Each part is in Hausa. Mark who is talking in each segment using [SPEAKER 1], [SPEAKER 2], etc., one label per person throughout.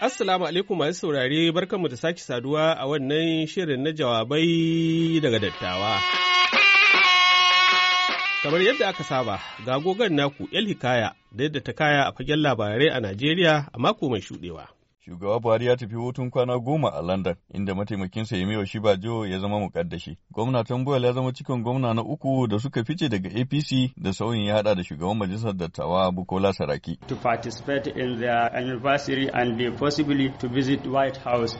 [SPEAKER 1] Assalamu alaikum masu saurare barkanmu da sake saduwa a wannan shirin na jawabai daga dattawa. Kamar yadda aka saba, ga gogon naku El Hikaya da yadda ta kaya a fagen labarai
[SPEAKER 2] a Najeriya a mako mai shuɗewa. Shugaba Buhari ya tafi hutun kwana goma a London, inda mataimakinsa Yemi Shibajo ya zama mukaddashi. Gwamna Tambuwal ya zama cikin gwamna na uku da suka fice daga APC da sauyin ya hada da shugaban majalisar dattawa Bukola Saraki. To participate
[SPEAKER 1] in their anniversary and possibly to visit White House.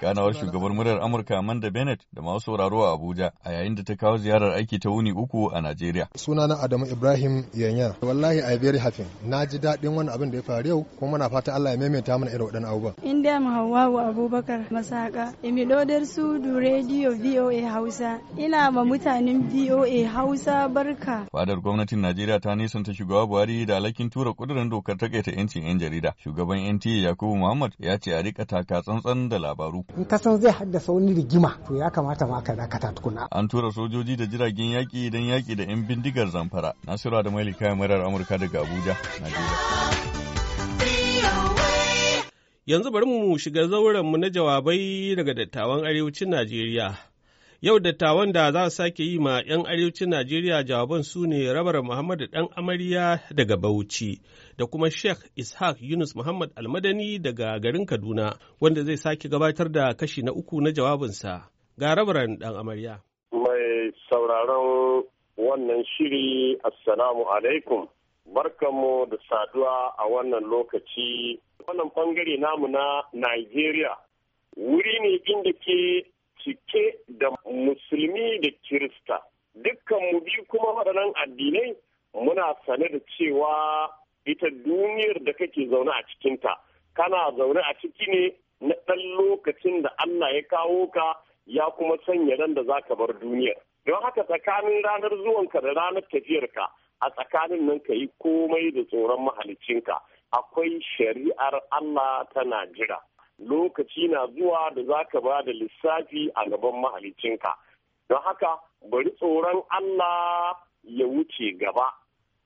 [SPEAKER 2] ganawar shugabar murar Amurka Manda Benet, da masu sauraro a Abuja a yayin da ta kawo ziyarar aiki ta wuni uku a Najeriya.
[SPEAKER 1] na Adamu Ibrahim Yanyar. Wallahi a very happy. Na ji daɗin wani abin da ya faru yau kuma muna fata Allah ya maimaita mana irin waɗannan abubuwan. da mu wa Abubakar Masaka, Emilodar Sudu Radio VOA Hausa. Ina ma mutanen VOA Hausa barka.
[SPEAKER 2] Fadar gwamnatin Najeriya ta nisanta shugaba Buhari da alhakin tura kudirin dokar takaita 'yancin 'yan jarida. Shugaban NTA Yakubu Muhammad ya ce a rika taka tsantsan da labaru.
[SPEAKER 1] in ka san zai haddasa wani rigima to ya kamata ma ka dakata tukuna
[SPEAKER 2] an tura sojoji da jiragen yaƙi don yaƙi da 'yan bindigar zamfara nasiru da mai kayan murar amurka daga abuja najeriya yanzu bari
[SPEAKER 1] mu shiga zauren mu na jawabai daga dattawan arewacin najeriya Yau dattawan da za su sake yi ma 'yan arewacin Najeriya jawaban su ne rabar muhammad ɗan amarya daga Bauchi da kuma Sheikh Ishaq Yunus Muhammad Almadani daga garin Kaduna wanda zai sake gabatar da kashi na uku na jawabinsa ga rabaran ɗan amarya.
[SPEAKER 3] Mai sauraron wannan shiri Assalamu alaikum. Barkanmu da saduwa a wannan lokaci. Wannan bangare namu na Najeriya wuri ne inda ke kirista dukkan mu biyu kuma waɗannan addinai muna sane da cewa ita duniyar da kake zaune a cikinta kana zaune a ciki ne na ɗan lokacin da Allah ya kawo ka ya kuma sanya ran da za ka bar duniyar don haka tsakanin ranar zuwanka da ranar tafiyarka a tsakanin nan ka yi komai da tsoron mahalicinka akwai shari'ar Allah tana jira lokaci na zuwa da za ka ba da lissafi a gaban mahalicinka don haka bari tsoron Allah ya wuce gaba.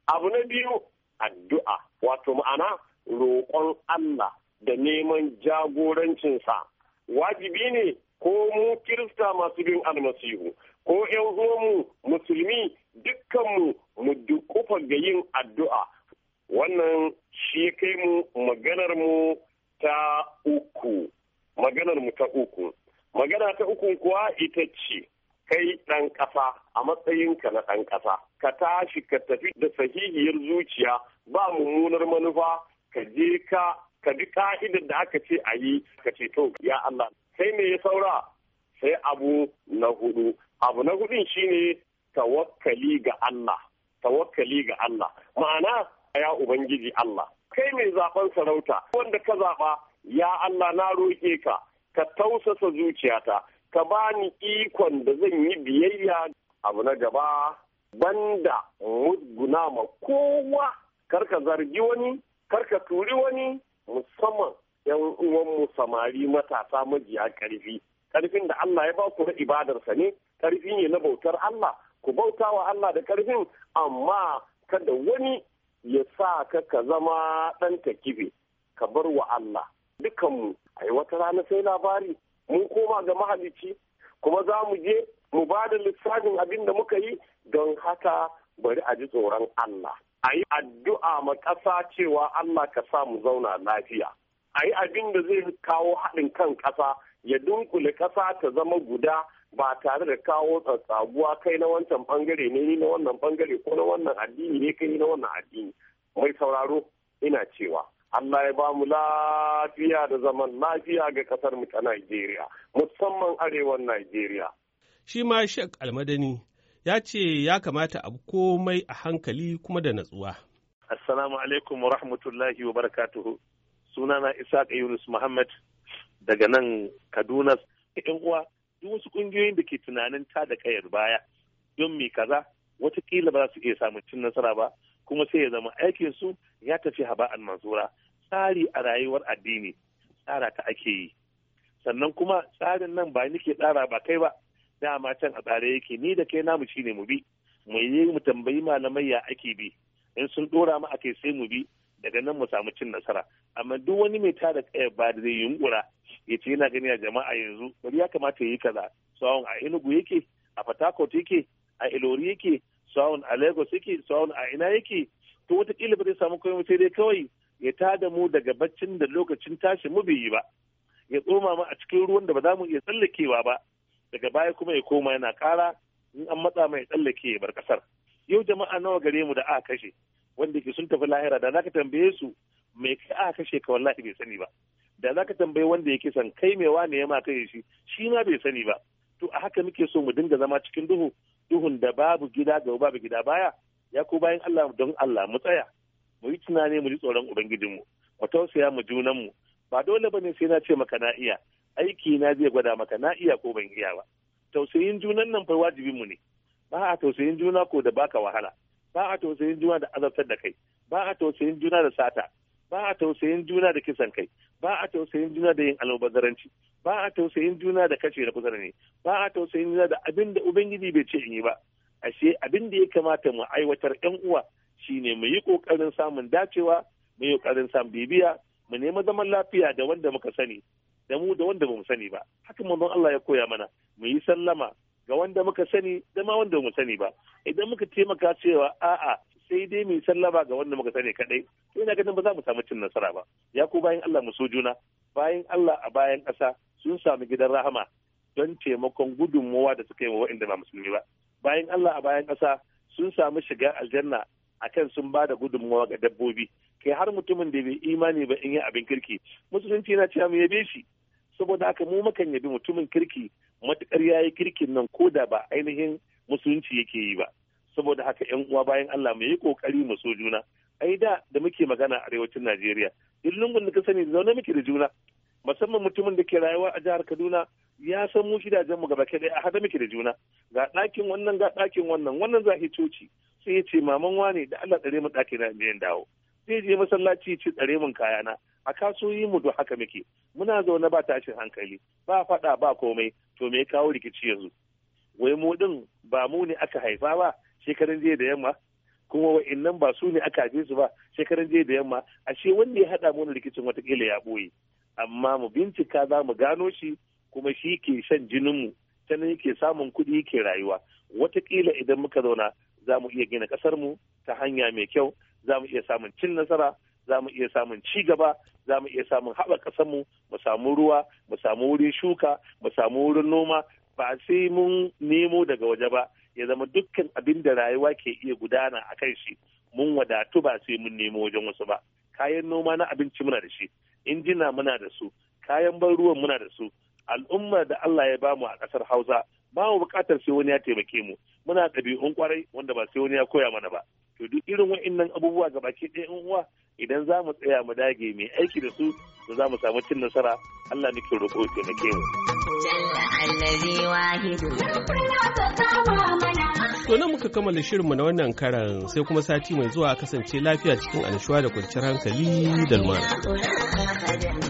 [SPEAKER 3] Abu na biyu addu'a, wato ma'ana roƙon Allah da neman jagorancinsa. Wajibi ne ko mu Kirista masu bin almasihu, ko ‘yan mu musulmi dukkanmu mu dukufa ga yin addu'a. Wannan shi kai mu maganar ta uku. Maganar mu ta uku. Magana ta uku kuwa ita ce. ɗan ƙasa a matsayinka na ɗan ƙasa ka tashi ka tafi da sahihiyar zuciya ba mummunar manufa ka je ka ka bi ka'idar da aka ce a yi ka ce to ya Allah sai me ya saura sai abu na hudu abu na hudun shine tawakkali ga Allah tawakkali ga Allah ma'ana ya ubangiji Allah kai mai zaben sarauta wanda ka zaɓa ya Allah na roƙe ka ka tausasa zuciyata ka bani ikon da zan yi biyayya abu na gaba banda musguna ma kowa karka zargi wani karka turi wani musamman yan uwanmu samari matasa majiya karfi karfin da Allah ya ba ku na ibadarsa ne karfi ne na bautar Allah ku bauta wa Allah da karfin amma kada wani ya sa ka ka zama ɗan takibe ka bar wa Allah dukanmu a yi wata rana sai labari mun koma ga mahalicci kuma za mu je mu ba da lissafin abin da muka yi don haka bari a ji tsoron Allah. A yi addu'a ma ƙasa cewa Allah ka sa mu zauna lafiya. A yi abin da zai kawo haɗin kan ƙasa ya dunkule ƙasa ta zama guda ba tare da kawo tsatsaguwa kai na wancan bangare ne ni na wannan bangare ko na wannan addini ne kai na wannan addini. Mai sauraro ina cewa Allah ya bamu lafiya da zaman lafiya ga ƙasar mu ta Najeriya, musamman arewan Najeriya.
[SPEAKER 1] Shi ma Sheikh Almadani ya ce ya kamata abu komai a hankali kuma da natsuwa.
[SPEAKER 4] Assalamu alaikum wa rahmatullahi wa barakatuhu. Sunana Isaac Yunus Muhammad daga nan Kaduna. ‘Yan uwa, duk wasu ƙungiyoyin da ke tunanin ta da kayar baya don me kaza, watakila ba za su iya samun cin nasara ba, kuma sai ya zama su ya tafi haba'an manzura tsari a rayuwar addini tsara ta ake yi sannan kuma tsarin nan ba nike tsara ba kai ba dama can a tsare yake ni da kai namu shine mu bi mu yi mu tambayi malamai ya ake bi in sun dora mu akai sai mu bi daga nan mu samu cin nasara amma duk wani mai tada kayar ba da zai yunkura ya ce yana gani a jama'a yanzu bari ya kamata ya yi kaza sawun a enugu yake a fatakot yake a ilori yake sawun a lagos yake sawun a ina yake to wataƙila ba zai samu mu sai dai kawai ya tada mu daga baccin da lokacin tashi mu bai yi ba ya tsoma mu a cikin ruwan da ba za mu iya tsallakewa ba daga baya kuma ya koma yana kara in an matsa mai tsallake ya bar ƙasar yau jama'a nawa gare mu da aka kashe wanda ke sun tafi lahira da za ka tambaye su me kai aka kashe ka wallahi bai sani ba da za ka tambaye wanda yake san kai mai wane ya ma kai shi shi ma bai sani ba to a haka muke so mu dinga zama cikin duhu duhun da babu gida ga babu gida baya ya ku bayan Allah don Allah mu tsaya mu yi tunani mu ji tsoron ubangijinmu mu tausaya mu junanmu ba dole bane sai na ce maka na iya aiki na zai gwada maka na iya ko ban iya ba tausayin junan nan fa wajibin mu ne ba a tausayin juna ko da baka wahala ba a tausayin juna da azabtar da kai ba a tausayin juna da sata ba a tausayin juna da kisan kai ba a tausayin juna da yin almubazzaranci ba a tausayin juna da kashe da kusa ne ba a tausayin juna da abin da ubangiji bai ce in yi ba ashe abin da ya kamata mu aiwatar yan uwa shine mu yi kokarin samun dacewa mu yi kokarin samun bibiya mu nemi zaman lafiya da wanda muka sani da mu da wanda bamu sani ba
[SPEAKER 1] haka manzon Allah ya koya
[SPEAKER 4] mana mu yi sallama ga wanda muka sani da ma wanda bamu sani ba idan muka taimaka cewa a'a sai dai mu yi sallama ga wanda muka sani kadai sai na ganin ba za mu samu cin nasara ba ya ku bayan Allah mu so juna bayan Allah a bayan ƙasa sun sami gidan rahama don taimakon gudunmowa da suka yi wa waɗanda ba musulmi ba bayan Allah a bayan ƙasa sun samu shiga aljanna akan sun ba da gudunmawa ga dabbobi kai har mutumin da bai imani ba in yi abin kirki musulunci na cewa mu yabe shi saboda haka mu mukan yabi mutumin kirki matukar yayi kirkin nan ko da ba ainihin musulunci yake yi ba saboda haka yan uwa bayan Allah mu yi kokari mu so juna ai da da muke magana a arewacin Najeriya duk lungun da ka sani zaune muke da juna musamman mutumin da ke rayuwa a jihar Kaduna ya san mu gidajen mu gaba dai a hada muke da juna ga ɗakin wannan ga ɗakin wannan wannan za coci sai ya ce maman wane da Allah tsare mu ɗaki na yin dawo zai je masallaci ci tsare mun kayana a kasuwoyi mu do haka muke muna zaune ba tashin hankali ba faɗa ba komai to me kawo rikici yanzu wai mu din ba mu ne aka haifa ba shekaran jiya da yamma kuma wa'annan ba su ne aka haife su ba shekaran jiya da yamma ashe wanda ya haɗa mu rikicin watakila ya ɓoye amma mu bincika za mu gano shi kuma shi ke shan jininmu sannan yake samun kuɗi ke rayuwa wataƙila idan muka zauna za mu iya gina mu ta hanya mai kyau za mu iya samun cin nasara za mu iya samun ci gaba za mu iya samun haɓaka ƙasarmu mu samu ruwa mu samu wurin shuka mu samu wurin noma ba sai mun nemo daga waje ba ya zama dukkan abin da rayuwa ke iya gudana a kan shi mun wadatu ba sai mun nemo wajen wasu ba kayan noma na abinci muna da shi injina muna da su kayan ban ruwan muna da su al'umma da Allah ya bamu a ƙasar Hausa ba mu buƙatar sai wani ya taimake mu muna ɗabi'un kwarai wanda ba sai wani ya koya mana ba to duk irin wa'annan abubuwa ga baki ɗaya uwa idan za mu tsaya mu dage mai aiki da su to za mu samu cin nasara Allah ke roƙo ya taimake mu
[SPEAKER 1] To nan muka kammala shirinmu na wannan karan sai kuma sati mai zuwa kasance lafiya cikin annashuwa da kwanciyar hankali da lumana.